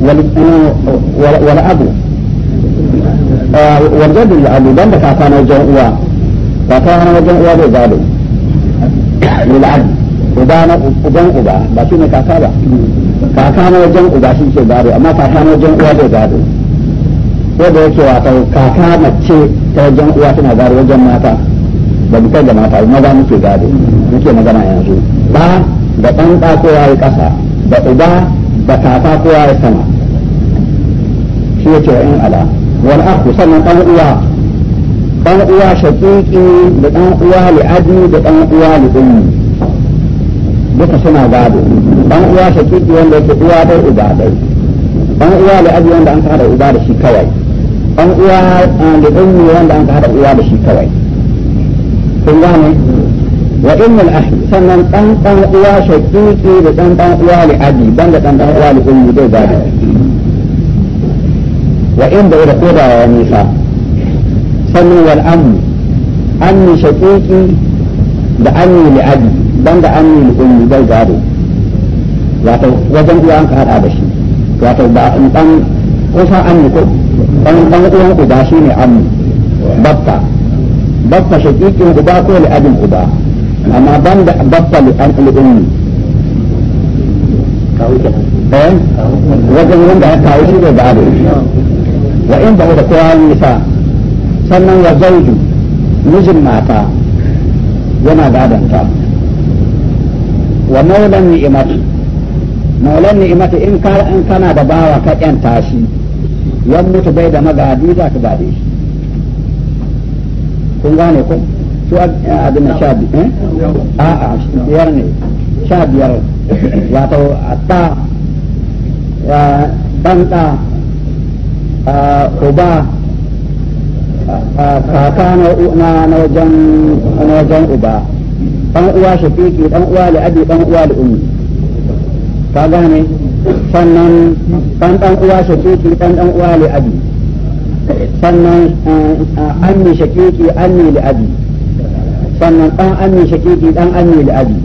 wal'abu warjadin la'abu don da kafa na wajen uwa kafa na wajen uwa bai gado lil'abu uba na uban uba ba shi ne kaka ba kaka na wajen uba shi ke gado amma kaka na wajen uwa bai gado ko da yake wata kaka mace ta wajen uwa tana gado wajen mata ba bisa da mata maza muke gado muke magana yanzu ba da ɗan ɗa ko ya yi ƙasa da uba da tata ko ya yi sama shi ya ce ala wani aku sannan ɗan uwa ɗan uwa shaƙiƙi da ɗan uwa li'adi da ɗan uwa li'ummi duka suna gado ɗan uwa shaƙiƙi wanda yake uwa dai uba dai ɗan uwa li'adi wanda an kada uba da shi kawai ɗan uwa eh, li'ummi wanda an kada uwa da shi kawai kun gane wa innal ahli sannan dan dan uwa shaqiqi da dan dan uwa li abi ban da dan dan uwa li ummi dai ba wa inda da koda wa nisa sannan wal ammu ammi shaqiqi da ammi li abi ban da ammi li ummi dai ba wato wajen uwa an ka hada da shi wato ba dan kusa ammi ko dan dan uwan ku da shi ne ammi babba baffa shaƙiƙin uba ko li'abin uba amma ban da baffa al'ummi wajen da ya kawo shi zai ba'adu wa in ba da kowa nisa sannan wa zauju mijin mata yana gadanta wa maulan ni'imatu maulan ni'imatu in kana da bawa ka ƴan tashi yan mutu bai da magadi za ka gade shi kun gane ku su abin sha biyu a a eh? biyar ne sha biyar wato ta a banta a na a wajen na wajen uba dan uwa shafiki dan uwa da dan uwa da ummi ka gane sannan dan dan uwa shafiki dan dan uwa da sannan eh, eh, ammi shakiki ammi li'abi sannan dan ammi shakiki dan ammi li'abi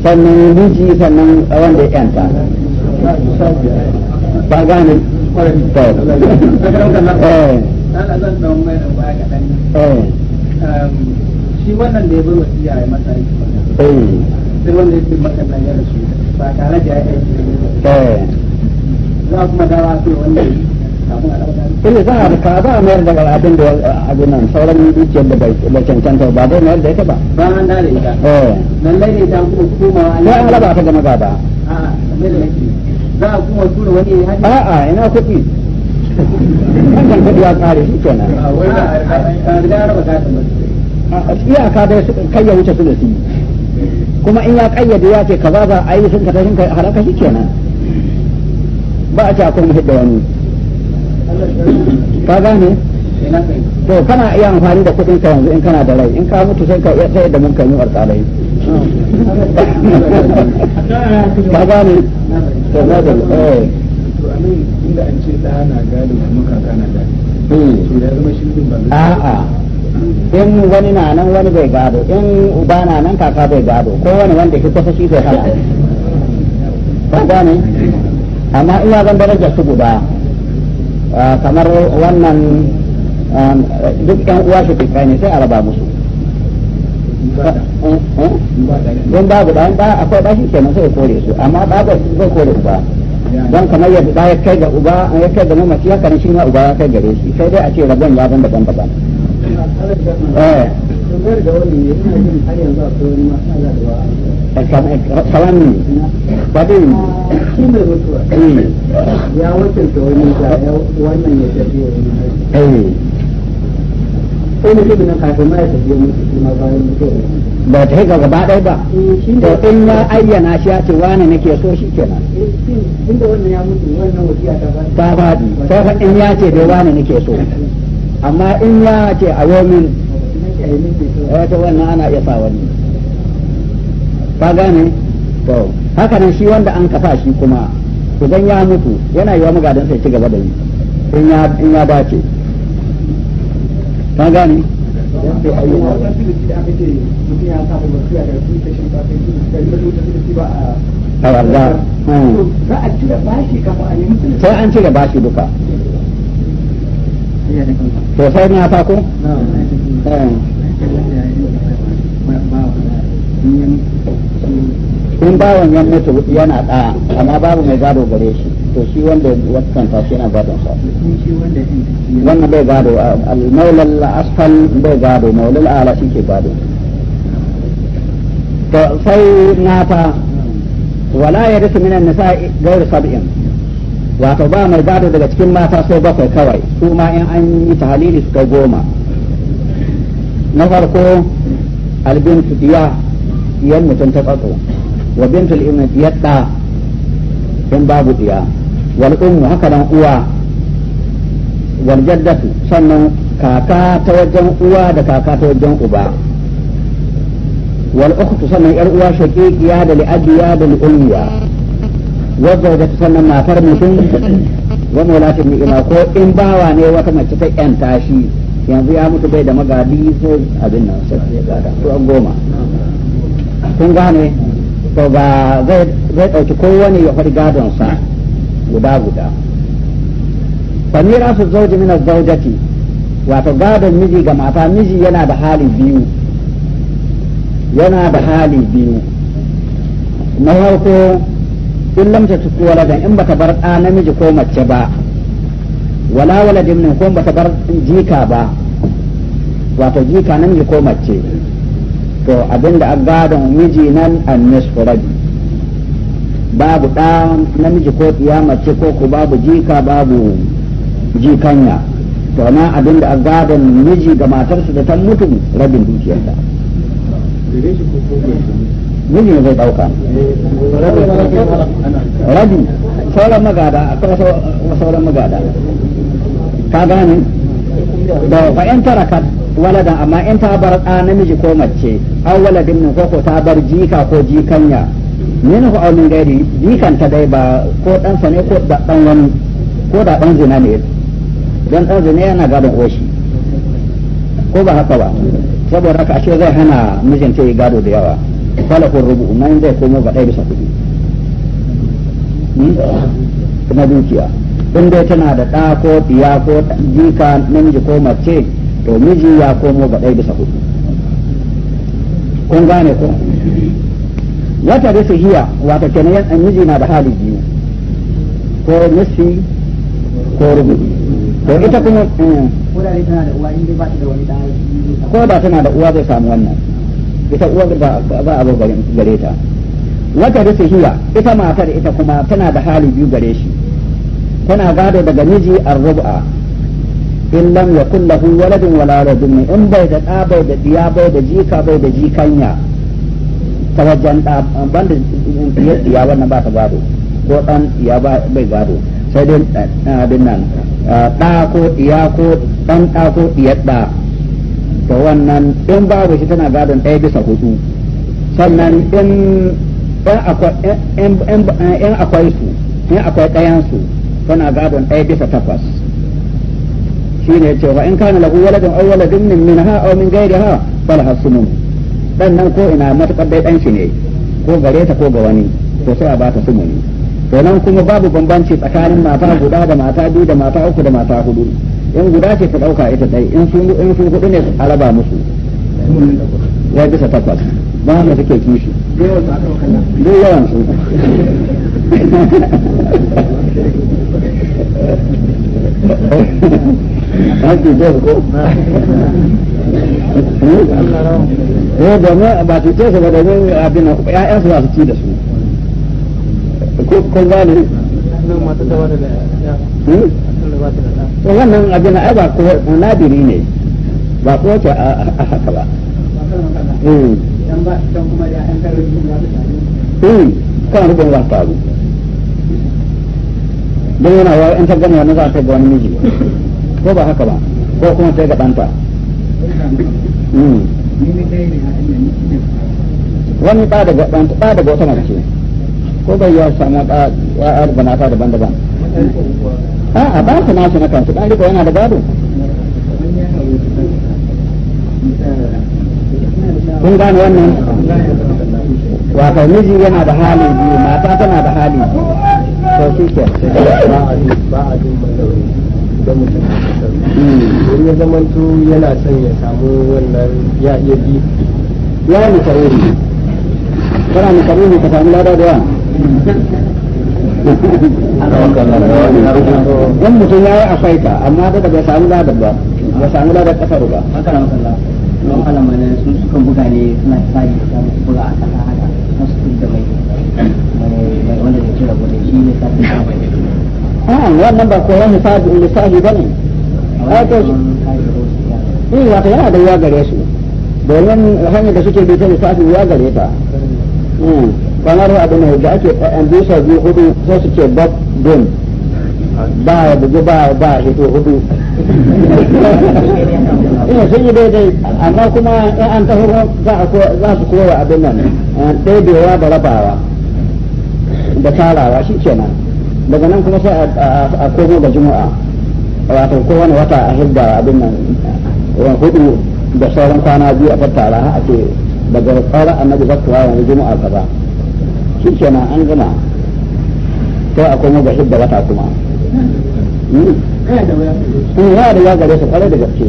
sannan miji sannan wanda ya yanta ba gane eh. shi wannan da ya wasiya ya masa sai wanda ya ce ba tare da ya za kuma dawa sai wanda ina za a ka za a mayar daga abin da abin nan sauran dukiyar da bai cancanta ba dai mayar da ita ba ba an da ita eh dan dai ne ta kuma kuma an an raba ta gama gaba a za a kuma tura wani a a ina kuɗi wannan kuɗi ya kare shi kenan a wai ka riga raba ta a iyaka dai kai ya wuce sulusi kuma in ya kayyade ya ce kaza ba ai sun ka sun ka shi kenan ba a ce akwai da wani ka gane to kana iya amfani da kudin ka yanzu in kana da rai in ka mutu sai ka iya da mun kanyu alƙalai ka gane to na da eh inda an ce da na gado kuma kaka na gado hmm. a in wani na nan wani bai gado in uba na nan kaka bai gado ko wani wanda ke kwasa shi zai hana ba gane amma ina zan daraja su guda Ah, kamar wannan ah, duk ɗan uwa shi kai ne sai a raba musu eh? don babu guda ba akwai ba shi kenan sai ya kore su amma babu zai kore uba don kamar yadda ba ya kai ga uba ya kai ga mamaci haka ne shi ma uba ya kai gare shi sai dai a ce rabon ya ban daban daban salam ne shi mai mutuwa ya wani wannan ya tafi wani mutum kafin ma ya tafi ma bayan mutuwa ba ta gaba ɗaya ba to in ya ayyana shi ya ce wani nake so shi kenan wannan ya mutu wannan ta ta in ya ce nake so amma in ya ce a wato wannan ana iya sa wani ka gane to haka nan shi wanda an kafa shi kuma idan ya mutu yana yiwa magadan sai ci gaba da yi in ya in ya dace ka gane hmm. a warda sai an cire bashi duka sosai ne a fako? in bawon ya mutu yana da amma babu mai gado gare shi to shi wanda wakanta shi yana gado sa wannan bai gado al-maulal asfal bai gado maulal ala shi ke gado to sai nata wala ya rufe minan nisa gauri sab'in wato ba mai gado daga cikin mata sai bakwai kawai su ma in an yi tahalili su suka goma na farko albintu diya yan mutum ta tsatso wa bintu al'imin diyar ɗa in babu diya wal ummu haka nan uwa wal jaddatu sannan kaka ta wajen uwa da kaka ta wajen uba wal ukhtu sannan yar uwa shaqiqiya da li'abiya da li'ulmiya wadda da sannan matar mutum wa mulatu ni'ima ko in bawa ne wata mace ta yan tashi yanzu ya mutu bai da magadi ko abin nan sai ya gada to an goma kun gane to ba zai dauki kowane ya faɗi gadon sa guda guda famira su zauji mina zaujati wato gadon miji ga mata miji yana da hali biyu yana da hali biyu na farko in lam ta tuku waladan in bata bar ɗa namiji ko mace ba wala waladin min ko bata bar jika ba wato jika namiji ko mace to abinda a gadon miji nan an nisfu rabi babu ɗa namiji ko ya mace ko ku babu jika babu jikanya to na abinda a gadon miji ga matarsa da ta mutu rabin dukiyarta ne zai dauka rabi sauran magada akwai sauran magada ka gane da ba in tarakat walada amma in ta bar da namiji ko mace an waladin nan ko ta bar jika ko jikanya min hu aunin gari jikan ta dai ba ko sa ne ko da dan wani ko da dan zina ne dan dan zina yana gadon oshi ko ba haka ba saboda haka ashe zai hana mijinta yi gado da yawa ko rubu nan zai komo ga ɗaya bisa kuɗi hmm? na dukiya in dai tana da ɗa ko ɗiya ko jika namiji ko mace to miji ya komo ga ɗaya bisa kuɗi kun gane ko wata da su hiya wata kenan miji na da hali biyu ko nufi ko rubu to ita kuma eh. da uwa in ba ta da wani ko da tana da uwa zai samu wannan ita uwar ba abu gare ta wata da hiya ita matar ita kuma tana da hali biyu gare shi tana gado daga miji arruba in lam yakun lahu waladun wala radun in bai da da bai da diya bai da jika bai da jikanya ta wajen da banda diya wannan ba ta gado ko dan ya bai gado sai dai eh, abin nan da eh, ko iya ko dan da ko diyar da to wannan in babu shi tana gadon ɗaya bisa hudu sannan in akwai su in akwai ɗayansu tana gadon ɗaya bisa takwas shi ne cewa in kana lagu waladin au waladin min ha au min ha fal hasumun dan nan ko ina matakar dai dan shi ne ko gare ta ko ga wani to sai a ba ta sumuni to nan kuma babu bambanci tsakanin mata guda da mata biyu da mata uku da mata hudu in guda ce ta ɗauka ita ɗai in sun in hudu ne a raba musu ya bisa takwas ba haka suke kishi duk yawan su ko? Hmm? Eh, domin ba su ce su ba domin abin nan ƴaƴansu su ci da su. Ko kun Nan mata hmm? da wani da to wannan abin ai ba ko ne ba ko ce a haka ba eh kan za ta abu don yana wa wani za ta ga wani miji ko ba haka ba ko kuma sai ga ɗanta hmm. wani ba ba wata mace ko bai samu ba ta daban-daban a'a ba su nasu na kansu dan riko yana da gado kun gane wannan wato miji yana da hali biyu mata tana da hali biyu to shi ke ba a jin da mutum don ya zamanto yana son ya samu wannan ya iya bi ya mukaruri kana mukaruri ka samu lada da yan mutum ya yi a faita amma da bai samu ladar ba bai samu ladar kasar ba haka na makalla don alamane sun suka buga ne suna tsari da su buga a kasa haka na su da mai mai wanda ke kira gudu shi ne sabon sabon a'a wannan ba koyon misali misali ba ne a wato eh wato yana da yawa gare su domin hanyar da suke bi ta misali yawa gare ta kamar abin da ake yan bisa biyu hudu sai su ce bab gun ba ya bugu ba ba hito hudu ina sun yi daidai amma kuma in an za su abin nan daidaiwa eh, da rabawa da tarawa shi daga nan kuma sai a komo da juma'a wato kowane wata a hidda abin nan eh, hudu da sauran kwana biyu a tattara a daga annabi zaktuwa yanzu juma'a kaza shi kenan an gama sai a komo ga hidda wata kuma in hmm? hmm, ya da ya gare su kwarai da gaske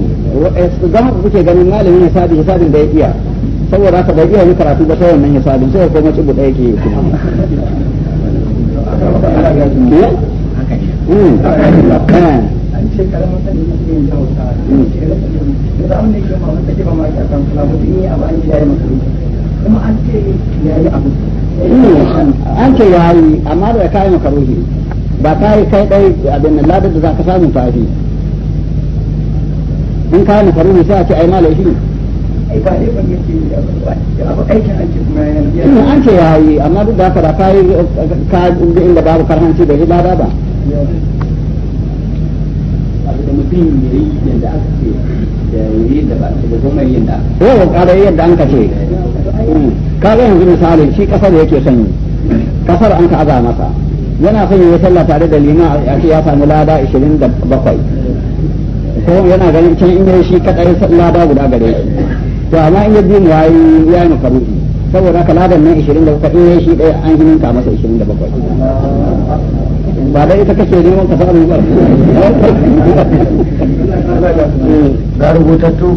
zama ku kuke ganin malami malamin sabi hisabin da ya iya saboda ka bai iya wani karatu ba ta wannan hisabin sai ya mace guda yake yi kuma kuma an ce ya yi abu an ce ya yi amma da kai kayi makaruhi ba kai kai dai abin nan ladar da za ka samu ta in kai kayi makaruhi sai a ce ai ma ne an ce ya yi amma duk da haka ba ka yi ka inda babu karhanci da ibada ba da mutum ya yi yadda aka ce da yayi da ba da kuma da ko ka da yadda an ka ce ga yanzu misali shi kasar yake son yi kasar an ka masa yana son yi sallah tare da lima a ce ya samu lada 27 ko yana ganin can in yayi shi kadai lada guda gare shi to amma in ya yi ya yayi makaruhi saboda haka ladan nan 27 in ya shi dai an hininka masa 27 ba dai ita kake neman ka samu ba ga rubutattu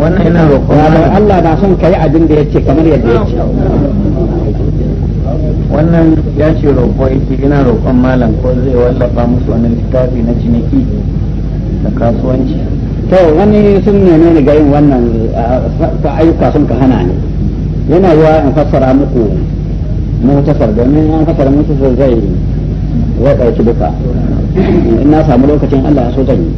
wannan ina roƙon Allah na son kai abin da yace kamar yadda yace wannan ya ce roƙo yake ina roƙon malam ko zai wallafa musu wani littafi na ciniki da kasuwanci to wani sun nemi ni ga yin wannan ta ayyuka sun ka hana ni yana yiwa in fassara muku mutasar domin an fassara mutasar zai ya ɗauki duka in na samu lokacin Allah ya so zan yi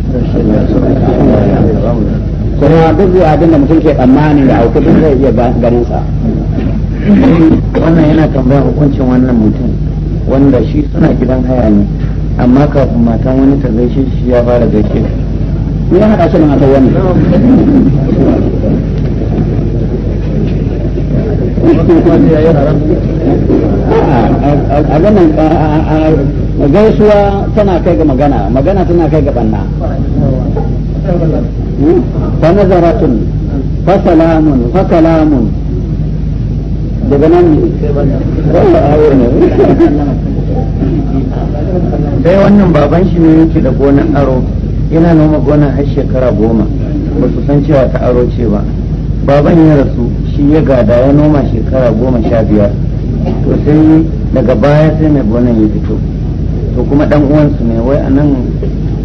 kuma duk abin da mutum ke tsammani da auku duk zai iya ganin sa wannan yana tambaya hukuncin wannan mutum wanda shi suna gidan haya ne amma kafin matan wani ta gaishe shi ya fara gaishe ni ya haɗa shi da matan wani a gaisuwa tana kai ga magana magana tana kai ga banna فنظرة فسلام فكلام daga nan sai wannan baban shi ne yake da gonan aro yana noma gona har shekara goma ba su san cewa ta aro ce ba baban ya rasu shi ya gada ya noma shekara goma sha biyar to sai daga baya sai mai gonan ya fito to kuma dan uwansu ne wai anan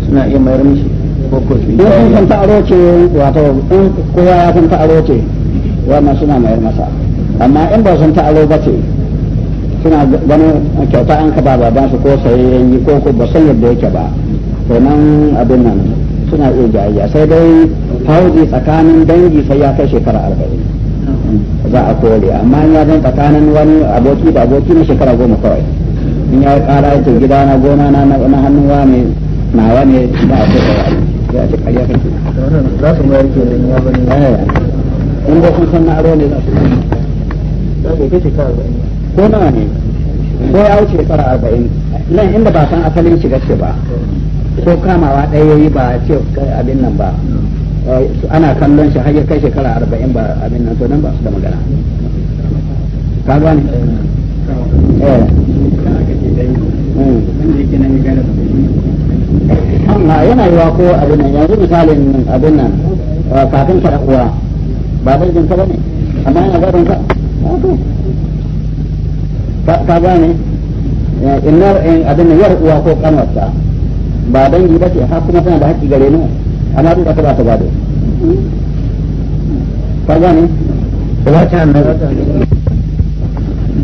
suna iya mayar mishi ko in sun ta aro ce wato in kowa ya san ta aro ce wannan suna mayar masa amma in ba sun ta aro ba ce suna ganin kyauta an ka ba baban su ko sayayyen yi ko ko ba san yadda yake ba to nan abin nan suna iya jayayya sai dai hauji tsakanin dangi sai ya kai shekara arba'in za a kore amma ya zan tsakanin wani aboki da aboki na shekara goma kawai in ya kara ya ce gida na gona na hannun ne nawa ne ba a kore sai a ƙarya kake za su mayar ke nan ya bani in da sun san na aro ne za su ko nawa ne ko ya wuce tsara arba'in nan inda ba san asalin shiga ce ba ko kamawa ɗaya yayi ba ce abin nan ba eh, ana kallon shi har ya kai shekara arba'in ba abin nan to nan ba su da magana ka gane Eh. Eh. amma yana yiwa ko abin nan yanzu misalin abin nan eh, kafin ta kuwa ba zargin ka bane amma yana zaɓin ka ka gane innar abin nan yar uwa ko kanwarta ba dangi ba ce har kuma tana da haƙƙi gare ni amma duk ta ba ta gado ka gane ba ta annabi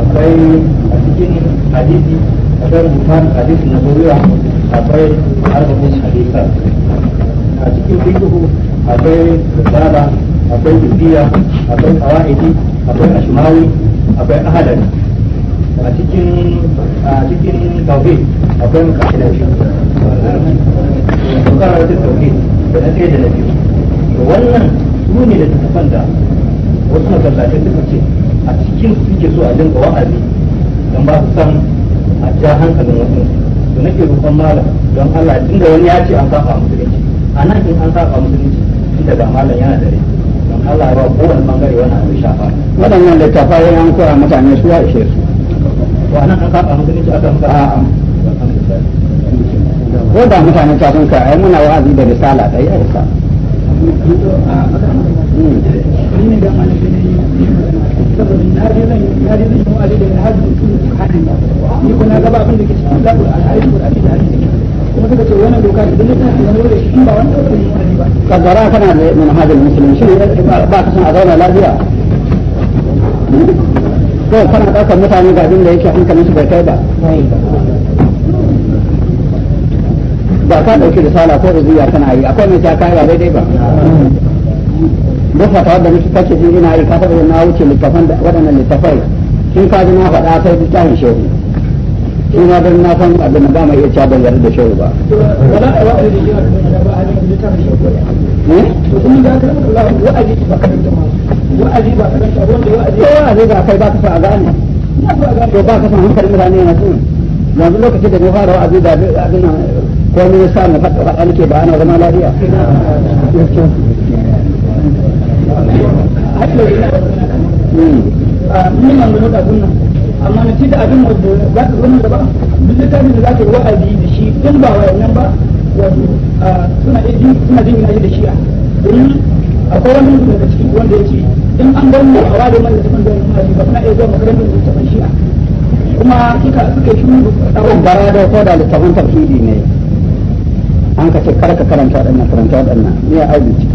akwai a cikin hadisi akwai rubutan hadisi na zuriya akwai arba'in hadisa a cikin fikihu akwai risala akwai bibiya akwai qawaidi akwai ashmawi akwai ahadari a cikin a cikin tauhid akwai mukaddashi mukaddashi tauhid da na tsaye da na biyu to wannan su ne da tafan da wasu masallatai suka ce a cikin suke so a dinga wa'azi don ba su san a ja hankalin wasu to nake roƙon malam don Allah dinga wani ya ce an saba musulunci a nan in an saba musulunci tun daga malam yana da rai don Allah ya ba kowane bangare wani abu shafa waɗannan littafa ya an kora mutane su ya ishe su wa nan an saba musulunci aka muka a'a ko da mutane ta sun ka ai muna wa'azi da risala ɗaya ya isa saboda na je zan na je zan da hajji ni abin da ke cikin da kuma suka ce wannan doka idan ne tana shi ba ba kana da ba ka san a lafiya ko kana daukar mutane ga abin da yake hankalin su bai kai ba ba ka dauki risala ko izuya kana yi akwai mai ta kai ba daidai ba duk wata wadda nake kake ji ina yi kasa na wuce littafan waɗannan littafai kin ka ji na faɗa sai littafin shehu in ma dan na san abin da ba mai iya da yarda da shehu ba wa'azi ba kai ba ka sa a gane to ba ka san hankalin mutane yanzu yanzu lokacin da na fara wa'azi da abin nan ko ne sa na faɗa faɗa nake ba ana zama lafiya ni man gano da kunna amma na cita abin da za ka zama littafin da za ka yi wa'azi da shi tun ba wa'annan ba wato suna jin suna jin yana da domin akwai wani mutum daga cikin wanda ya ce in an bar mu a ware mana da tafan zuwa kuma ba kuna iya zuwa makarantar da shi a kuma suka suka shi bara da ko da littafin tafsiri ne an ka ce kar ka karanta waɗannan karanta waɗannan ne a aiki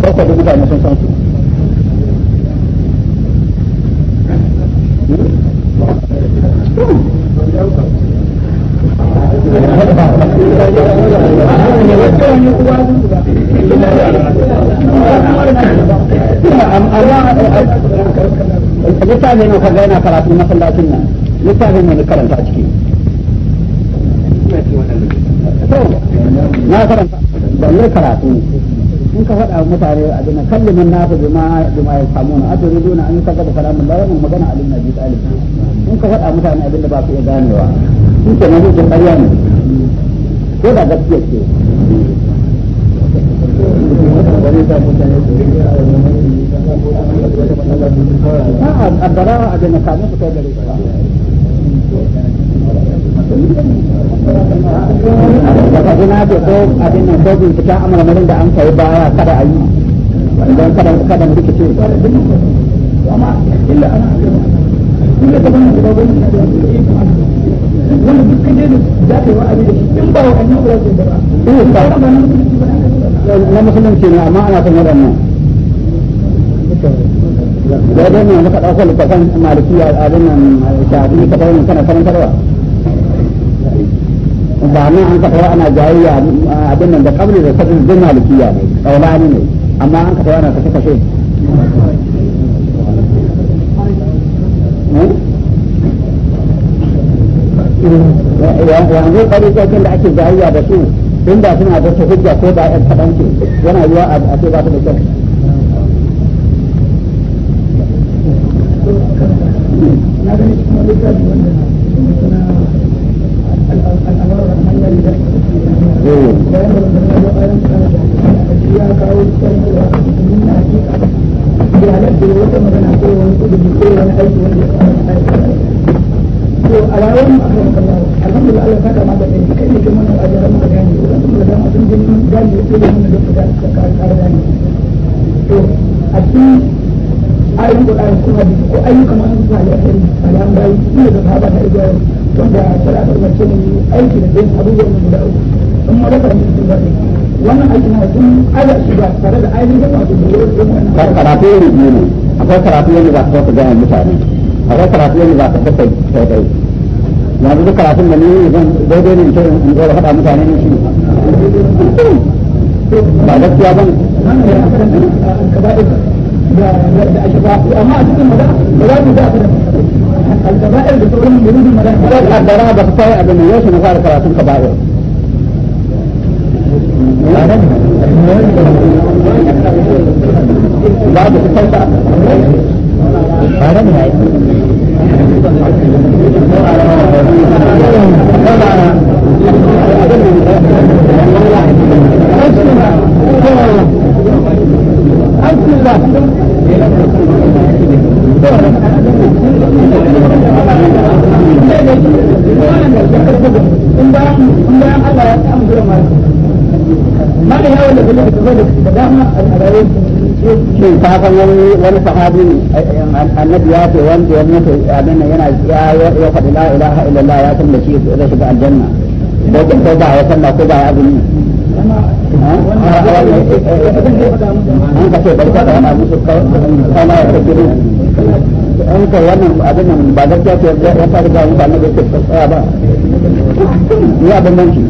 sai ka mutane sun san su kaga yana karatu masallacin nan karanta a ciki na karanta karatu in ka faɗa mutane abin nan kallimin nasu ya samu na na an yi kaza da kalamin da wannan magana a dina bi talib in ka faɗa mutane abin da ba su iya ganewa in ka nan yake ƙarya ne ko da gaskiya ce a daga ina ce ko abin nan ko bincika amalmarin da an kai baya kada a yi don kada kada mu rikice amma illa ana illa da ban da ban wanda duk kaje da za ka yi wa'azi da shi in ba wa'annan ƙurashin da ba na musulunci ne amma ana son waɗannan da dai ne muka malikiya abin nan shafi ka kana karantarwa ba nan an kafa ana jayayya abin nan da kabri da kabri zai malikiya ne kaulani ne amma an kafa ana kashe kashe yanzu da ake jayayya da su inda suna da su hujja ko da yan kaɗan ce yana yiwa a ce ba su da kyau na hmm. gani ya kawo cewa na hakika ya halatta da wata magana ko wani kudi ko wani aiki wanda ya kawo aiki to a rayuwar mu akan kallawa alhamdulillah Allah saka maka kai kai ne ke mana wajen ramu gani ko kuma da dama sun jin gani ko da mun da fita ka ka gani to a cikin ayoyin Qur'ani ko hadisi ko ayyukan masu salihai salam bayi ne da sahaba da ibrahim wanda salatu mace ne aiki da dai abubuwan guda uku kuma da kan su ba wannan aikin na sun ada shi ba tare da ainihin masu da ne karatu ne ne akwai karatu ne za ka ga mutane akwai karatu ne za ka ga sai yanzu duk karatun da ni zan daidai ne ce in zo da faɗa mutane ne shi ba gaskiya ban da amma a cikin maza ba za mu da aka da alkaba'ir da sauran da rudin maza ba da ba ta fara abin da yau shi na fara karatun kaba'ir babu kusansa ba da mai Thank you. shin wani wani sahabi annabi ya ce wanda ya mutu abin yana ya ya faɗi la ilaha illallah ya san da shi zai shiga aljanna ko ko ba ya sallah ko ba ya azumi an ka ce bai faɗa wani abu su kama ya tafi an ka wannan abin nan ba gaskiya ce ya faru ga ba na gaskiya tsaya ba ya bambanci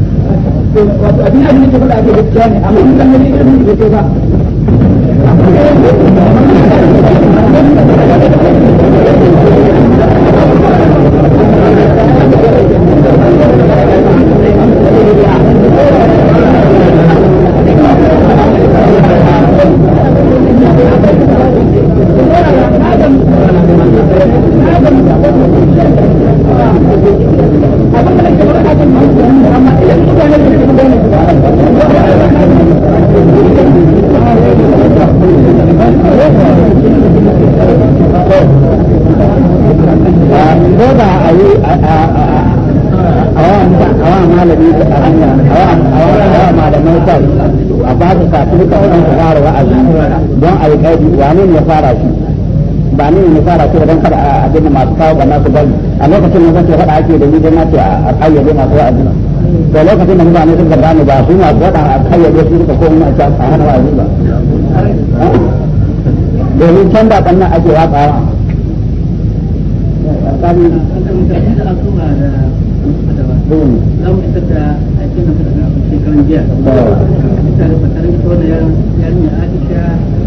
wato abin da nake faɗa ake gaskiya ne amma in kan ke ba Thank you. ne ya fara shi ba ni ne fara shi kada a abin masu kawo ba nasu bari a lokacin da zai faɗa ake da ni dai na a kayyade masu wa'azi to lokacin da mutane suka ne ba su masu faɗa a kayyade su suka koma a hana wa'azi ba domin can ba ɓannan ake watsawa za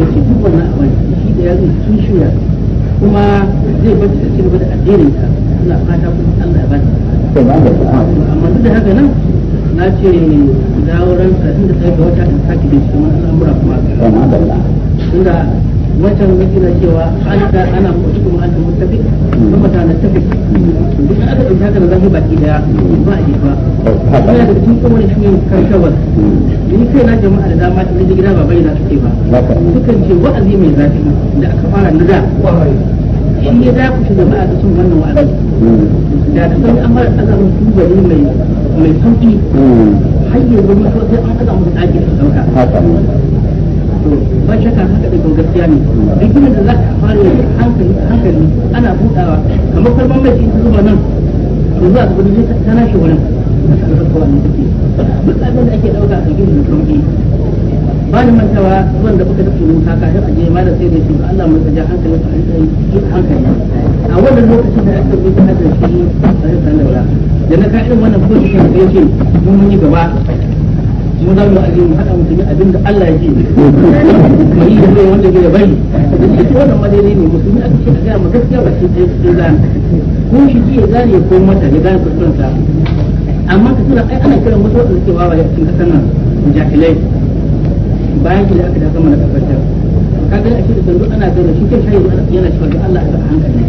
da shi duk wannan abin shi da ya zai sun shirya kuma zai bar da ci gaba da addinin ta ina fata kuma Allah ya ba ta amma duk da haka nan na ce dawo ranka inda sai ga wata in sake da shi kuma mura kuma tunda wancan mutum na cewa halitta ana mutu kuma an tamu tafi kuma ta na tafi duk aka ɗauki haka da zafi baki daya ba a jefa oh, kuma da tun kuma da shirin karkawar ni kai na jama'a da dama da zai gida ba bai na suke ba sukan ce wa'azi mai zafi da aka fara na da shi ya da ku shi jama'a da sun wannan wa'azi hmm. da da sai an fara azamin tubali mai mai sauki hmm. har yanzu mutuwa sai an azamin da ake da sauka ba shakka haka da kan gaskiya ne rigimin da za ka fara hankali hankali ana buɗawa kamar farkon mai shi zuba nan to wurin duk abin da ake ɗauka a gidan sauki ba da mantawa wanda kuka tafi musa kafin a je ma da sai da shi Allah mu tsaja hankali a hankali a wannan lokacin da aka yi ta da shi a da na ka irin wannan ko shi ne yake mun yi gaba mu za mu aje mu haɗa musulmi abinda Allah ya ce da zai wanda zai bari da shi ce wannan madani ne musulmi aka ce a gaya ma gaskiya ba ce ɗaya cikin zan ko shi ce ya gane ko mata ya gane kuskurensa amma ka tura ai ana kiran wasu wasu cewa wa cikin kasan nan jahilai bayan shi da aka dafa mana tabbatar ka gani a shi da ana gane shi kan shayi yana shi wanda Allah ya hankali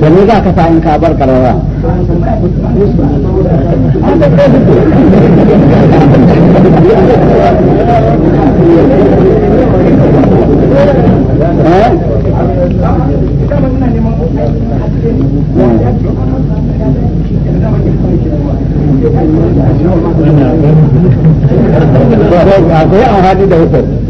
da me za ka in ka bar karara akwai an hadu da hukum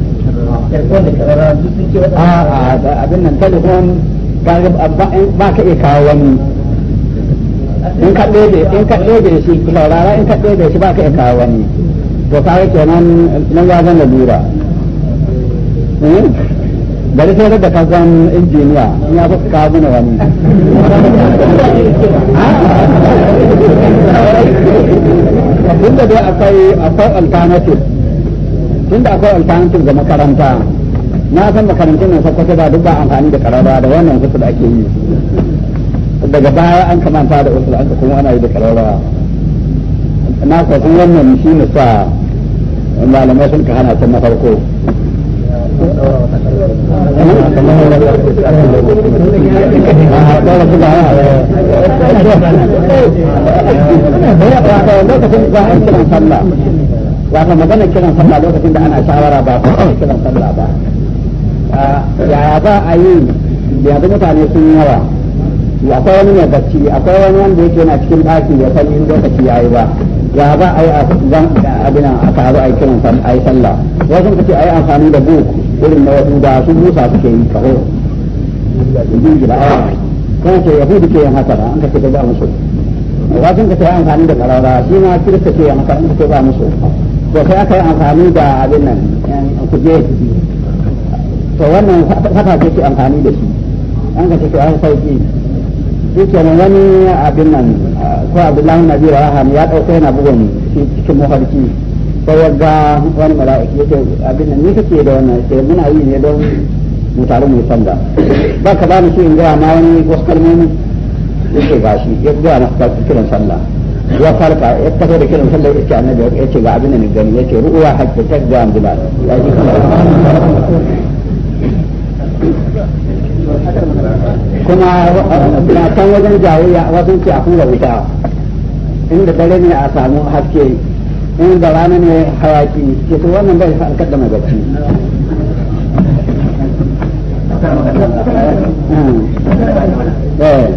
a abin nan telefon ba ka iya kawo wani in ka ɗebe in ka shi in ka ɗebe shi ba ka iya kawo wani to kawo kenan nan ya zama lura eh? bari sai da ka zan injiniya in ya fuka kawo wani dai akwai akwai alternative tun da akwai alfahantin ga makaranta na san makarantun nan sakwata ta duk ba amfani da karara da wannan kusa da ake yi daga baya an kamanta da usul an kuma ana yi da karara na san wannan shi ne sa malamai sun ka hana sun na farko wato magana kiran sallah lokacin da ana shawara ba ko kiran sallah ba ah, yaya ba a yi yanzu mutane sun yawa akwai wani mai bacci akwai wani wanda yake na cikin ɗaki ya san in lokaci yayi ba ya ba a yi zan abin a taru a yi kiran a yi sallah wasu ka ce a yi amfani da buk irin na wasu da su musa suke yi kaho idan gida awa kan ce ya yahudu ke yin haka ba an ka ce ba musu wasu ka ce a yi amfani da karara shi ma kirista ke yin haka an ka ce ba musu to sai aka yi amfani da abin nan kuje to wannan fata ce ke amfani da shi an ka ce an sauki shi nan wani abin nan ko abdullahi nabi wa raham ya dauka yana bugun shi cikin mafarki sai ya ga wani mala'iki yake abin nan ni kake da wannan sai muna yi ne don mu taru mu sanda ba ka ba mu shi in gaya ma wani wasu kalmomi yake shi ya gaya masa kiran sallah ya farka ya tafi da kiran sallar iska annabi ya ce ga abin da ni gani ya ce ruwa hajji ta ga ya ji kuma na kan wajen ya wasu ce a kura wuta inda dare ne a samu haske inda rana ne hawaki ke to wannan bai farkar da mai bacci hmm. eh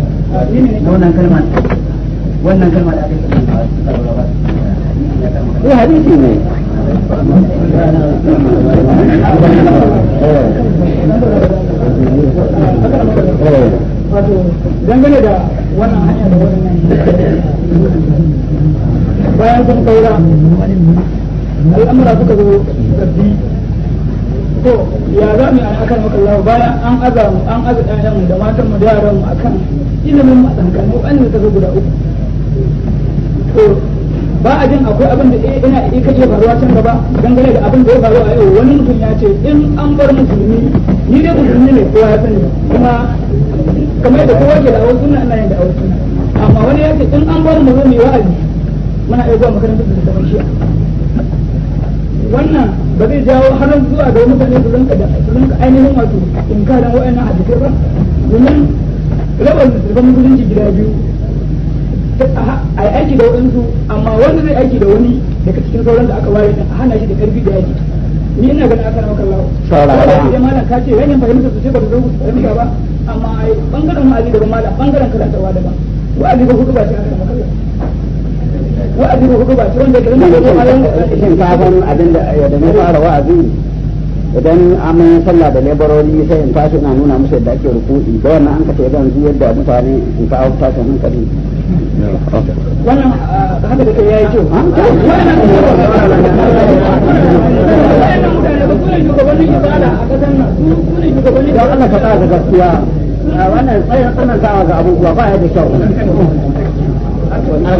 wannan kalma da aka ce eh, ba hadisi ne dangane da wannan hanyar da wannan bayan sun kaura al'amura suka zo sabbi to ya za mu yi akan makallahu bayan an aza mu an aza ɗayan mu da matan mu da yaran mu akan ilimin mu a tsakankanin guda uku ba a jin akwai abin da eh, ina iya eh, ka faruwa can gaba dangane da abin da ya faru a yau wani mutum ya ce in an bar musulmi ni dai musulmi ne kowa ya sani kuma kamar yadda kowa ke da awon suna ina yin da awon suna amma wani ya ce in an bar mu zai wa'azi muna iya zuwa makarantar da zaman shi'a wannan ba zai jawo har zuwa ga mutane su rinka da su rinka ainihin wato inkarin wa'annan hadisin ba domin raba musulman musulunci gida biyu a aiki da waɗansu amma wanda zai aiki da wani daga cikin sauran da aka ware din a hana shi da karfi da yaki ni ina ganin aka maka lawo saboda idan malam ka ce ranin fahimta su ce ba zo fahimta ba amma ai bangaren ma'azi da malam bangaren da ba wa'azi ba hudu ba shi aka maka wa'azi ba hudu ba shi wanda garin da ya shin abin da eh, da na fara wa'azi idan an sallah da laborori sai in tashi ina nuna musu yadda ake ruku'i da an ka zan yadda mutane in ka tashi hankali wannan haka da kuma a kasan nan da gaskiya wannan tsayin tsanan ga abubuwa ba ya da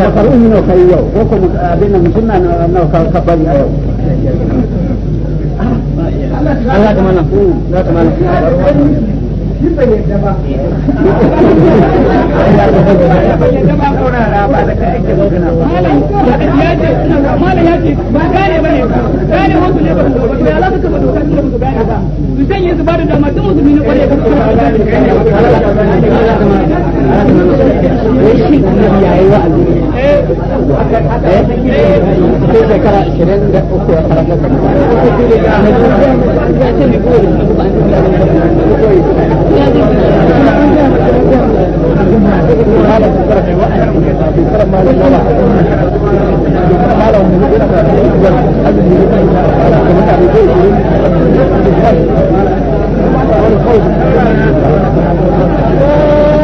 kyau yi yau ko kuma abin da mutum na ka bari a yau Allah ta mana Allah ta mana duk bai yadda ba yadda ba ba da kai ake magana ba ya ce mala ya ce ba gane bane gane wasu ne ba su ba ya za su kafa doka su su gane ba su sanya su dama kware ba su gane ba shi wa'azi sai shekara ashirin da uku ya fara da kanu Thank you.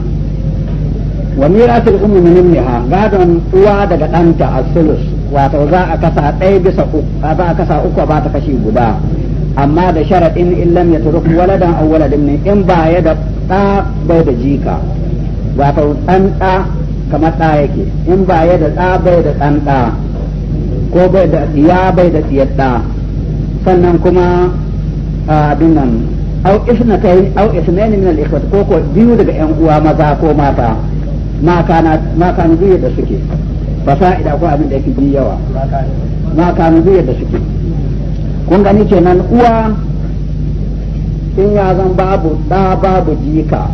wa mirasul ummi min ummiha gadon uwa daga danta a sulus wato za a kasa ɗaya bisa uku za a kasa uku ba ta kashi guda amma da sharaɗin illam ya turuk waladan aw waladin min in ba ya da ɗa bai da jika wato ɗan ɗa kamar ɗa yake in ba ya da ɗa bai da ɗan ɗa ko bai da ya bai da ɗiyar ɗa sannan kuma abin nan au kai au isnayn min al-ikhwat ko ko biyu daga yan uwa maza ko mata ma kanu ma da suke ba suke ko abin da yake bi yawa ma kanu duk da suke kun gani kenan uwa in ya zan babu da babu jika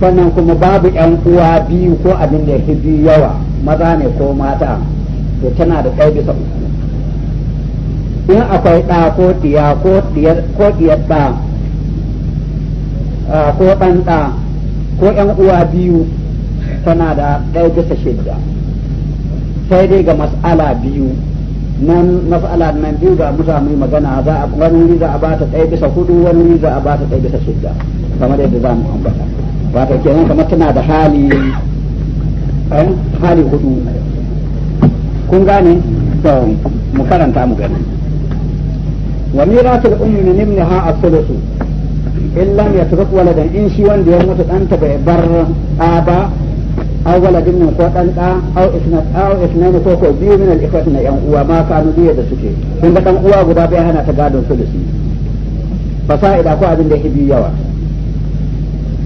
sannan kuma babu yan uwa biyu ko abin da yake bi yawa maza ne ko mata to tana da kai bisa uku in akwai ɗa ko ɗiya ko ko ɗiyar ɗa ko ɗan ɗa ko yan uwa biyu tana da ɗaya bisa shidda sai dai ga mas'ala biyu nan mas'ala nan biyu ga mu mai magana za a wani wuri za a bata ɗaya bisa hudu wani wuri za a bata ɗaya bisa shidda kamar yadda za mu ambata wato kenan kamar tana da hali eh, hali hudu kun gane to mu karanta mu gani wa miratul ummi min ibniha as-sulusu in lam yatruk waladan in shi wanda ya mutu ɗanta bai bar ɗa ba aw waladin min ko ɗan ɗa aw isna aw ne ko ko biyu min al-ikhwati na yan uwa ma kanu biyu da suke kun ga ɗan uwa guda bai hana ta gadon fa sa'ida ko abin da yake biyu yawa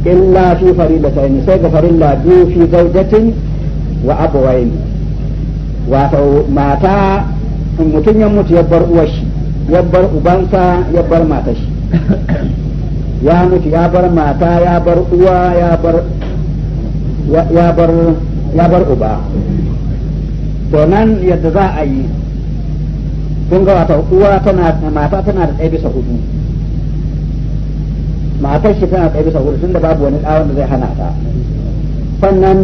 illa fi farilatayn sai ga farilla biyu fi zawjatin wa abawayn wato mata mutun ya mutu ya bar uwar shi ya bar ubansa ya bar matar shi ya mutu ya bar mata ya bar uwa ya bar ya bar ya bar uba to nan yadda za a yi kun ga wata uwa tana mata tana da ɗaya bisa hudu matar shi tana ɗaya bisa hudu tunda babu wani ɗawan da zai hana ta sannan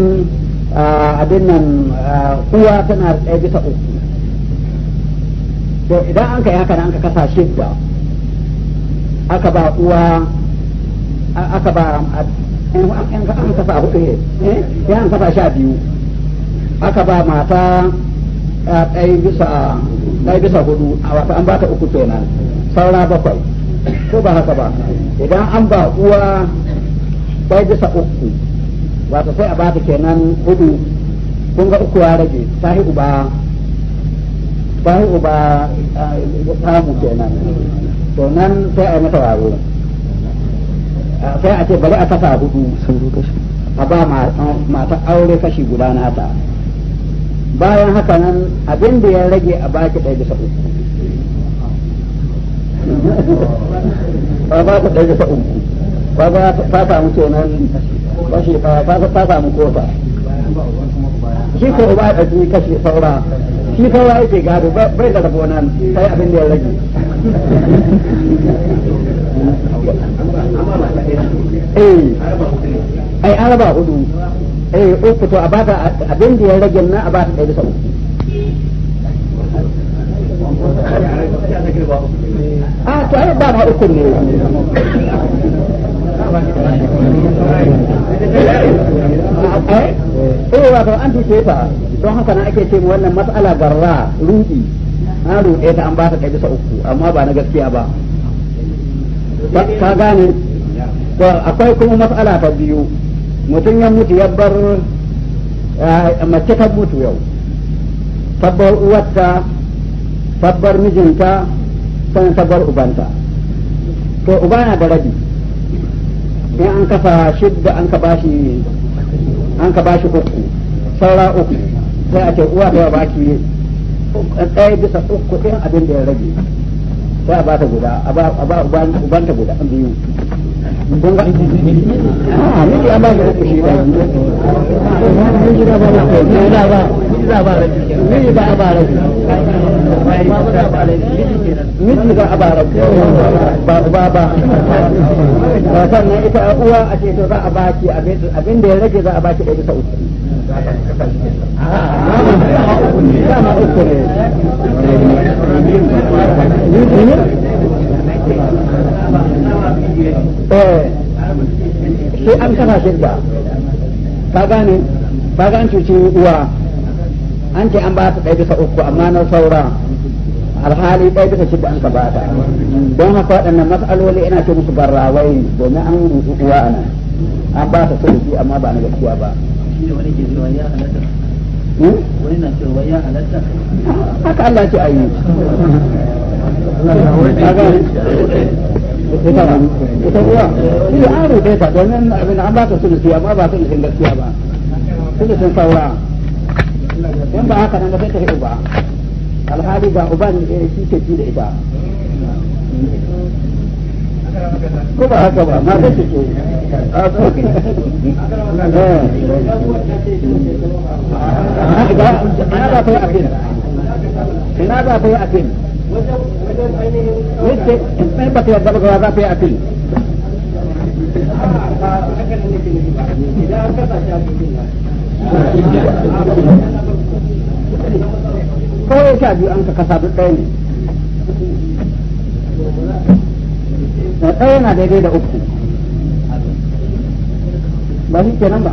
abin nan uwa tana da ɗaya bisa uku to idan an ka yi haka an ka kasa shidda aka ba uwa aka ba in an kafa hudu ne in eh, an kafa sha biyu aka ba mata ɗai bisa ɗai bisa hudu a wata an ba ta uku kenan saura bakwai ko ba haka ba idan an ba uwa ɗai bisa uku wata sai a ba ta kenan hudu kun ga uku ya rage ta yi uba ta yi uba ta mu kenan to nan sai a yi mata waro sai a ce bari a kasa hudu a ba mata aure kashi guda nata bayan haka nan abin da ya rage a baki ɗaya bisa uku ba ba ku ɗaya bisa uku ba ba ta samu kenan ba ba ta samu kofa shi ko ba ya ɗauki kashi saura shi saura yake gado bai da rabo nan sai abin da ya rage Eh, ai ai raba hudu eh uku to a ta abin da ya rage na a ta ɗaya bisa uku a ah, to ai ba ma uku ne eh, eh wato an tuce ta don haka nan ake ce wannan matsala garra rudi an ba ta an bata ɗaya bisa uku amma ba na gaskiya ba ka gane to akwai kuma matsala ta biyu mutum ya mutu ya bar eh, mace ta mutu yau tabbar uwarta tabbar mijinta sannan tabbar ubanta to uba na da rabi in an kafa shidda an ka bashi an ka bashi uku saura uku sai a ce uwa ta baki tsaye bisa uku ɗin abin da ya rage sai a ba ta guda a ba ubanta guda biyu kun ga a miji an ba shi uku shi da miji da ba da da ba miji da ba miji ba a ba miji ba a ba ba ba ba sannan ita uwa a ce to za a ba ki abin da ya rage za a ba ki ɗaya Eh, sai an kafa shidda ka gane ka ga an cuci uwa an ce an ba ta ɗaya bisa uku amma na saura alhali ɗaya bisa shidda an ka ba ta don haka waɗannan matsaloli ina ce musu barrawai domin an rutu uwa a nan an ba ta sulusi amma ba na gaskiya ba hmm? wani na cewa ya halatta haka Allah ce a yi ita ba ita uwa ita an rubuta ta domin abin an ba ta sulusi amma ba sulusin gaskiya ba sulusin saura in ba haka nan ba sai ta hidu ba alhali ba uban shi ke ji da ita ko ba haka ba ma zai ce ina ba kai akin ina ba kai akin yadda in baka yarda ba yi sha biyu an ka kasa duk ɗaya ne ɗaya na daidai da uku ba shi kenan ba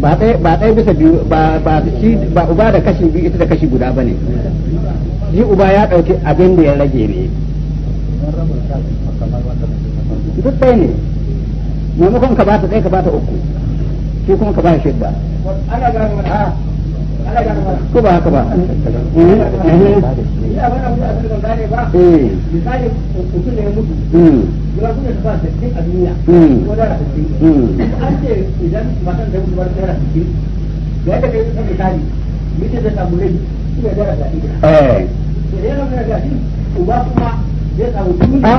ba ɗaya ba ɗaya bisa biyu ba ba shi ba uba da kashi biyu ita da kashi guda bane shi uba ya ɗauki abin da ya rage ne duk ɗaya ne maimakon ka ba ta ɗaya ka ba ta uku shi kuma ka ba shidda ko ba haka ba a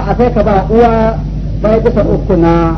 sai ka ba uwa bai kusa uku na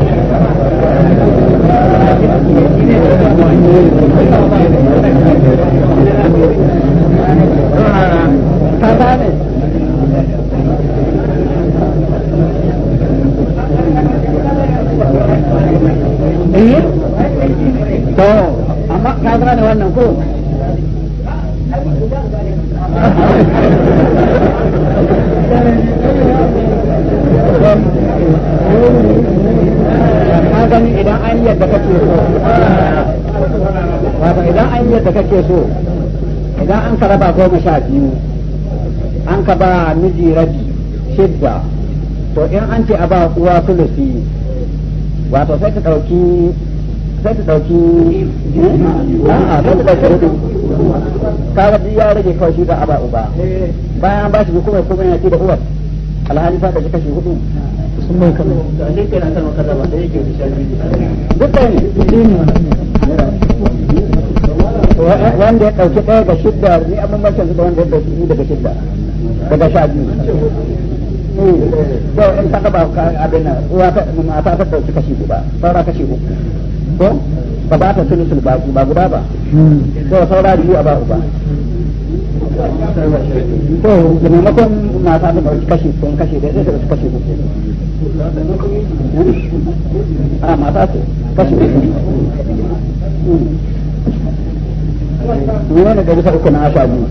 wannan ko gani idan an yadda kake so wato idan an yadda kake so idan an ka raba goma sha biyu an ka ba miji rabi shidda to in an ce a ba uwa sulusi wato sai ta ɗauki sai ta ɗauki eh? a'a sai ta ɗauki rudu kaga duk ya rage kawai shi da aba uba bayan ba shi kuma kuma yana ci da uwar alhali fa kashi kashi hudu sun mai kaɗan dukkan wanda ya ɗauki ɗaya da shidda ni abin da wanda ya ɗauki daga shidda daga sha biyu in abin nan uwa ta mata ta ɗauki kashi guda saura kashi uku ko ba ba ta ba guda ba saura biyu a ba uba to da maimakon mata ta ɗauki kashi sun kashi da ɗauki kashi uku a mata ce kashi ne ne daga bisa uku na asha biyu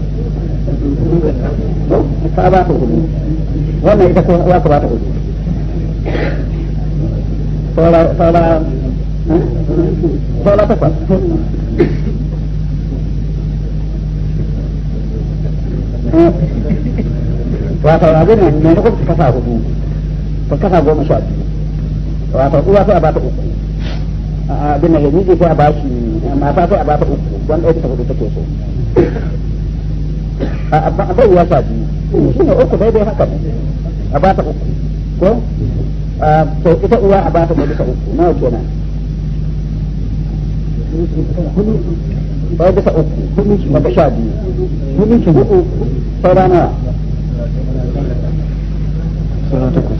ta ba ta hudu wannan ita kuma za ka ba ta hudu saura saura ta takwas wato abin nan ne na kuma ka sa hudu ta kasa goma sha biyu wato uwa sai a bata uku abin da ya sai a bashi mata sai a bata uku wanda ita hudu take so a bai uwa sha biyu shi ne uku daidai haka ne a bata uku ko to ita uwa a bata hudu ta uku nawa kenan bai bisa uku daga sha biyu hudu sauran nawa sauran takwas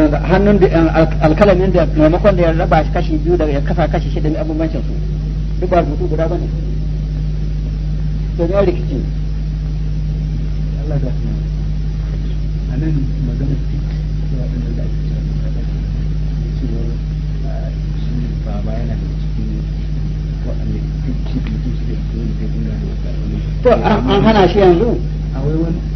hannun da eh, alkalamin da maimakon da ya raba shi kashi biyu daga ya kasa kashi shida ne abubuwan su duk ba rubutu guda ne to ne rikici Allah da magana da ake cewa shi da da ne da da to an hana shi yanzu a wani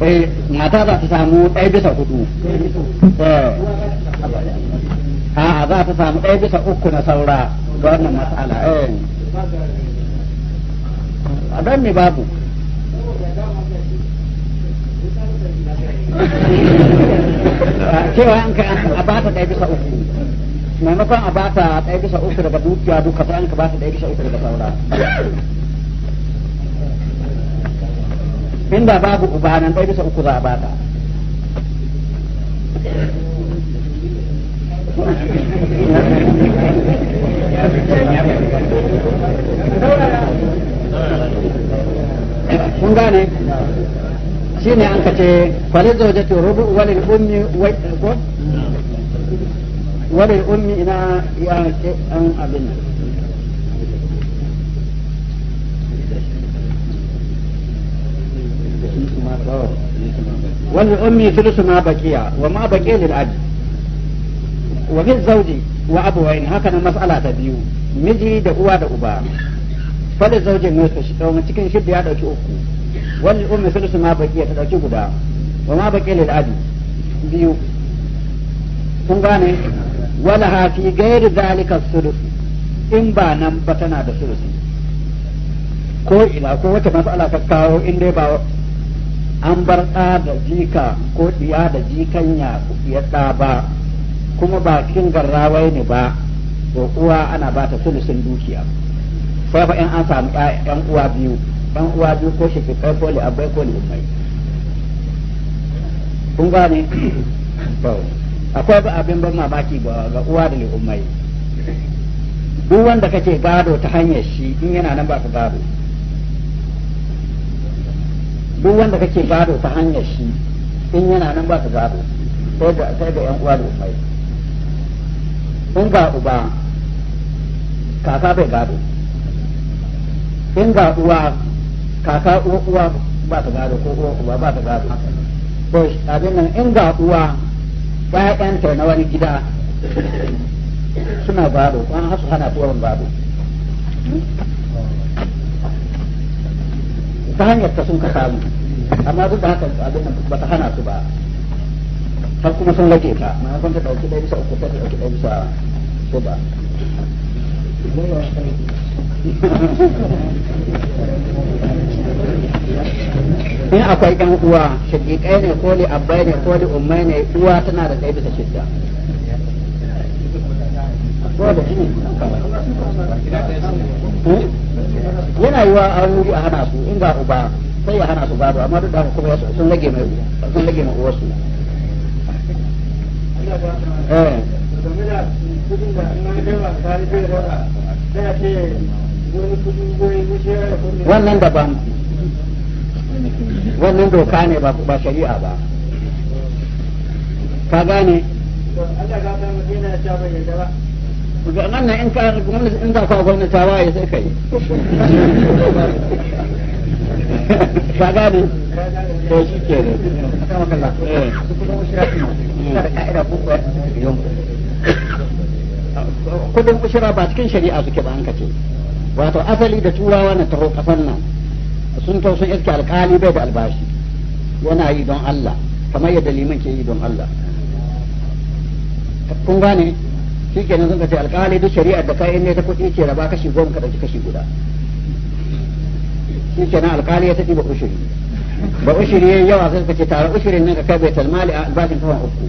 Eh, mata za ta samu ɗaya bisa hudu eh, a za ta samu ɗaya bisa uku na saura ga wannan matsala eh. a don ne babu cewa an a ba ta ɗaya bisa uku maimakon a ba ta ɗaya bisa uku daga dukiya duka sai an ka ba ta ɗaya bisa uku daga saura inda babu uba nan ɗaya bisa uku za a ba ta Thank kun gane shi ne an kace kwale zoje to rubu wale ummi wai eh, ko wale ummi ina ya ce an abin wani ummi sulusu ma bakiya wa ma baki lil aji wa fil zauji wa abawayn haka nan mas'ala ta biyu miji da uwa da uba fali zaujin nusu shi tsawon cikin shidda ya dauki uku wani ummi sulusu ma bakiya ta dauki guda wa ma bakiya lil abi biyu kun gane wala hafi gairi zalika sulusu in ba nan ba tana da sulusu ko ila ko wata mas'ala ka kawo in dai ba an bar ɗa da jika ko ɗiya da jikan ya ɗa ba kuma ba cikin garrawai ne ba ko uwa ana ba ta sulusun dukiya sai fa in an samu ƴan uwa biyu ɗan uwa biyu ko shi kai ko li abai ko li ummai kun gane akwai ba abin ban mamaki ga uwa da li ummai duk wanda kace gado ta hanyar shi in yana nan ba ka gado duk wanda kake gado ta hanyar shi in yana nan ba ka gado sai ga sai ga yan uwa da ummai in ga uba kaka bai gado in ga uwa kaka uwa ba ta gado ko uwa uba ba ta gado ko abin nan in ga uwa ƴaƴanta na wani gida suna gado kuma hasu hana tuwon gado ta hanyar ta sun ka samu amma duk da haka abin nan ba ta hana su ba har kuma sun lage ta ma kan ta dauki dai bisa uku ta dauki ɗaya bisa ko ba in akwai yan uwa shakikai ne ko li abbai ne ko li ummai ne uwa tana da ɗaya bisa shidda hmm? yana yi wa an a hana su in ga uba sai ya hana su babu amma duk da kuma sun rage mai sun rage mai eh wannan daban wannan doka ne ba ba shari'a ba ka gane nan na in ka gwamnati in za ka gwamnati waye sai kai ka gane to shi ke ne eh. kudin kushira ba cikin shari'a suke ba an kace wato asali da turawa na taho kasar nan sun taho sun iske alkali bai da albashi yana yi don Allah kamar yadda liman ke yi don Allah kun gane shi kenan sun ce alkali duk shari'ar da kayan ne ta kuɗi ce raba kashi goma ka ɗauki kashi guda shi kenan alkali ya tafi ba ushiri ba ushiri yayi yawa sai ka ce tare ushirin nan ka kai baitul mali a albashin kawai uku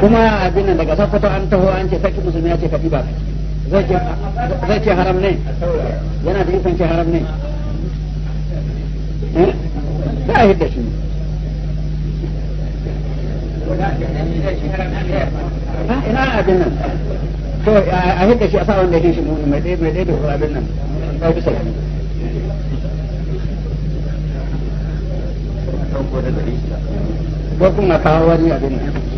kuma abin nan daga sokoto an taho an ce sarki musulmi ya ce kafi ba zai ce haram ne yana da ikon ce haram ne eh? za a hidda shi ina abin nan to a hidda shi a sa wanda yake shi mai ɗaya mai da abin nan bisa ko kuma kawo wani abin nan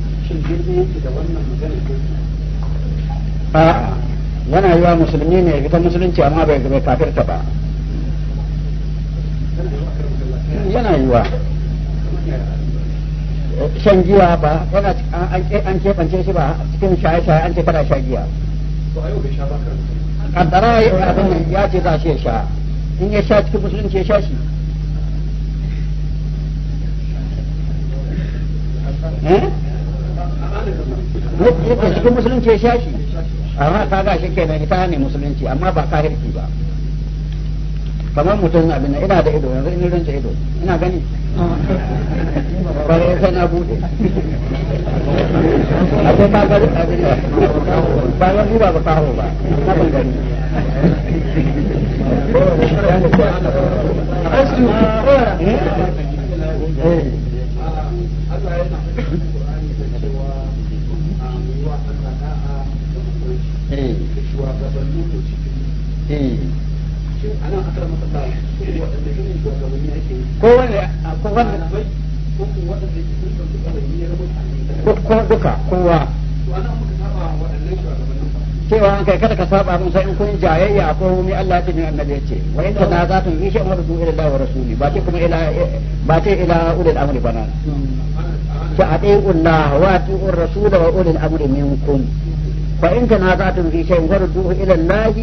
a'a yana yi wa musulmi ne fita musulunci amma bai bai kafirta ba yana yi wa shan giya ba yana an keɓance shi ba cikin shaye-shaye an ce kada sha giya kaddara abin ya ce za shi ya sha in ya sha cikin musulunci ya sha shi eh yake cikin musulunci ya sha shi amma ka ga shi kenan ita ne musulunci amma ba kafirci ba kamar mutum abin ina da ido yanzu in rinta ido ina gani Thank you. ko duka kowa cewa an kai kada ka saba mun sai in kun jayayya a komai Allah ya tafi annabi yace wa in kana za ta yi shi amru ila Allah wa rasuli ba ce kuma ila ba ce ila ulil amri bana ta unna wa tu atiur rasul wa ulil amri minkum fa in kana za ta yi shi amru ila Allah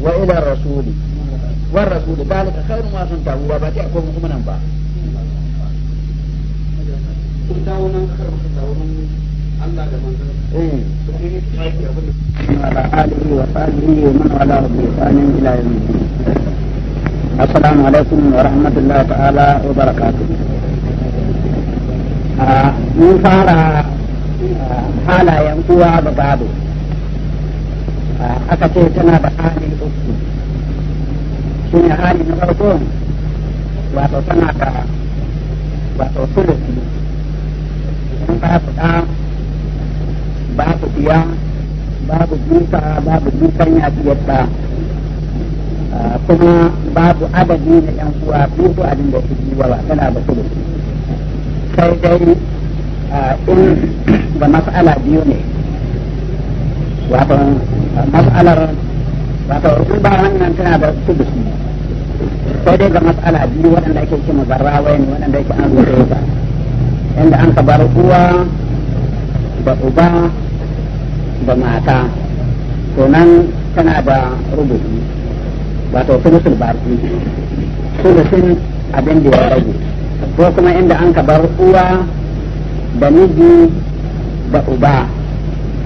wa ila rasuli war rasul dalika kairu ma sun tabu ba ce akwai mu'minan ba Allah على آله وصحبه ومن والاه بإحسان إلى يوم الدين. السلام عليكم ورحمة الله تعالى وبركاته. mun fara ah, halayen uwa da babu ah, aka ce tana da uku shi ne hali na farko wato tana da wato sulusi idan ba ku ɗa babu biya babu duka babu dukan ya biyar ba kuma babu adadi na yan kuwa biyu abin da su biyu wa tana da sulusi sai dai in da mas'ala biyu ne wato mas'alar wato in ba wannan tana da sudusi sai dai ga matsala biyu waɗanda ake ce mazarra wayan waɗanda ake an zuwa ba inda an ka bar uwa da uba da mata to nan tana da rubutu wato sudusul baki sudusin abin da ya rage ko kuma inda an ka bar uwa da miji da uba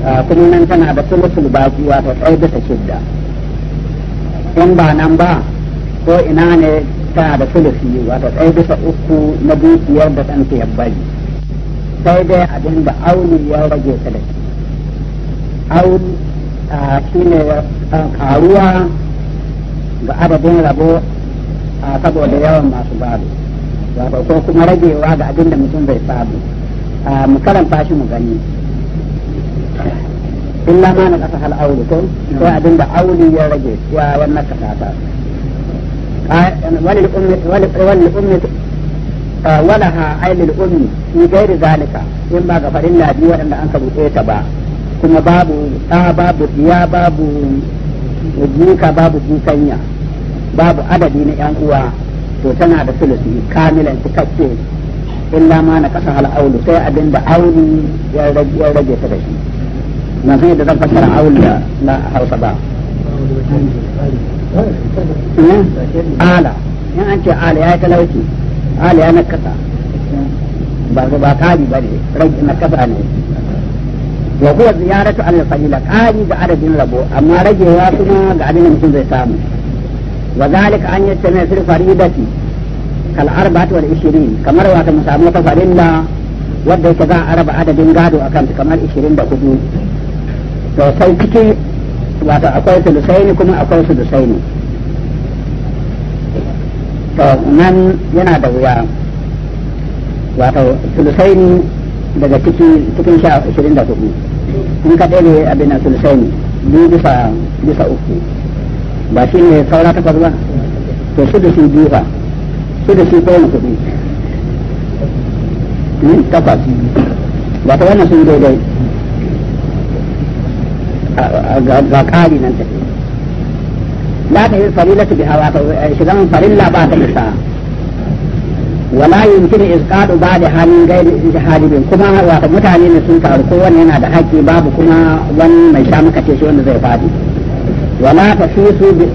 ah, kuma nan tana da sudusul baki wato ɗaya bisa shidda in ba nan ba ko ina ne tana da sulusi wato ɗaya bisa uku na dukiyar da ɗanta ya bari sai dai abin da auni ya rage ta da auni shi ne karuwa ga adadin rabo saboda yawan masu babu wato ko kuma ragewa ga abin da mutum bai samu mu karanta shi mu gani illa ma na kasa hal auli ko ko abin da auli ya rage ya wannan kasa ta wal ummi wal wal ummi ah, walaha ailil ummi fi zalika in ba ga farin ladi wadanda an ka buɗe ta ba kuma babu ɗa babu babu jika babu babu adadi na yan uwa to tana da sulusi kamilan cikakke illa ma na kasa hal sai abin da auli ya rage ta da shi na san da zan fassara awul da na hausa ba ala in an ce ala ya yi talauci ala ya nakasa ba ba kari ba ne rage nakasa ne wa huwa ziyaratu al qalila kari ga adadin rabo amma ya kuma ga adadin mutum zai samu wa zalika an yattama fil faridati kal arba'at wal ishirin kamar wata musamu ta farilla wadda yake za a raba adadin gado akan kamar 24 to kai ciki wato akwai sulusaini kuma akwai su sulusaini to nan yana da wuya wato sulusaini daga ciki cikin sha ashirin da hudu in ka ɗaya abin nan sulusaini biyu bisa bisa uku ba shi ne saura takwas ba to su da su biyu ba su da shi kowane kuɗi hmm, takwas wato wannan sun daidai ga kari nan tafi la ta yi farilatu bi hawa shigan farilla ba ta isa wala yumkinu isqadu ba da halin gairi jihadibin kuma wato mutane ne sun taru ko wanne yana da haƙƙi babu kuma wani mai sha muka ce shi wanda zai fadi wala ta fi su bi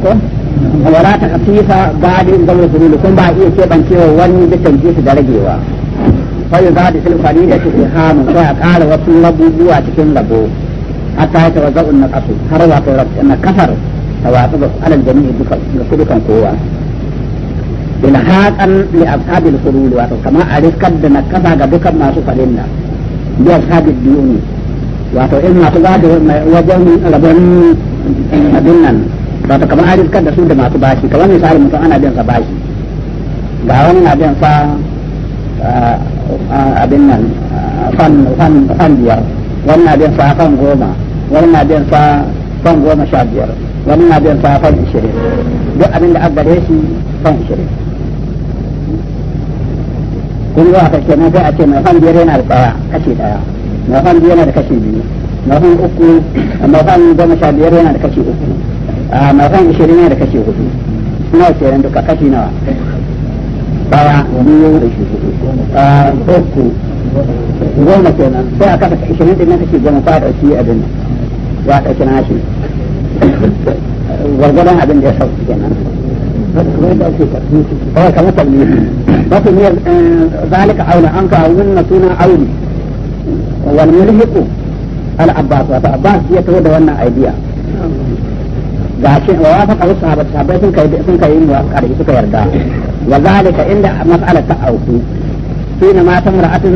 wala ta kafifa bada da galo zuru kun ba iya ce bancewa wani bitan jisu da ragewa fa yuzadu fil farida shi hamu ko ya ƙara wasu labubuwa cikin labo hatta ya tawazza'u naqasu har wato na kafar tawatsu ga alal jami'i duka ga dukan kowa ila haƙan li ashabil furuli wato kama a riskar da na kasa ga dukan masu falilla bi ashabil diyuni wato in masu gado wajen rabon abin nan wato kama a riskar da su da masu bashi kamar misali mutum ana bin sa bashi ga wani na bin sa abin nan fan fan biyar wannan bin sa fan goma wani na biyan sa fan goma sha biyar wani na biyan fan ishirin duk abin da aka gare shi fan ishirin kun zuwa ka kenan sai a ce mai fan biyar yana da kashi daya mai fan biyar yana da kashi biyu mai fan uku mai fan goma sha biyar yana da kashi uku mai fan ishirin yana da kashi hudu kenan duka kashi nawa biyu uku goma kenan sai a kasa ishirin din kashi goma fa ɗauki abin nan ya ɗauki nashi gwargwadon abin da ya sauki kenan kawai kamar tablifi ba su miyar eh, zalika aure an ka wun na suna aure wani mulhiku al abbas wa abbas ya taho da wannan idea ga shi wa wata wasu sahabbai sahabbai sun kai sun kai mu kare suka yarda wa zalika inda mas'alat ta auku shi ne matan ra'atin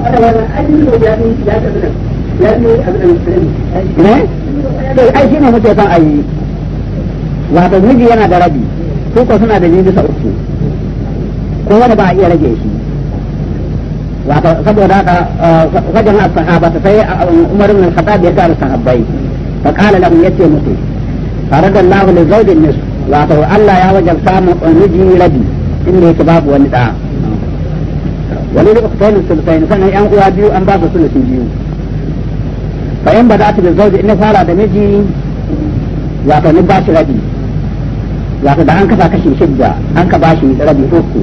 ne eh? ai shine muke son ayi wato miji yana da rabi su ko suna da biyu bisa uku ko wanda ba a iya rage shi wato saboda haka eh, wajen sahaba ta sai eh, Umar ibn khattab ya kare sahabbai fa qala lahum yace musu farada Allah li zawjin nisf wato Allah ya wajen mu miji rabi inda yake babu wani da'a wani da ukhtayn sulusayn sannan yan uwa biyu an ba su sulusi biyu fa in bada'at bi zawji in fara da miji wato ni ba shi rabi wato da an kasa kashi shidda an ka bashi rabi uku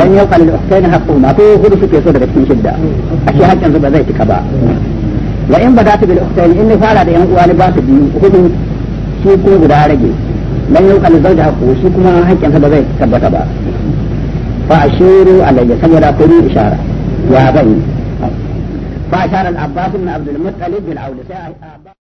lan yaqal al ukhtayn haqquma to hudu suke so daga cikin shidda ashe hakkin su ba zai tika ba wa in bada'at bil ukhtayn in fara da yan uwa ni ba su biyu hudu shi ko guda rage lan yau al zawji haqqu shi kuma hakkin sa ba zai tabbata ba فأشيروا علي سمولا كوني إشارة يا بني فأشار العباس بن عبد المطلب بالعودة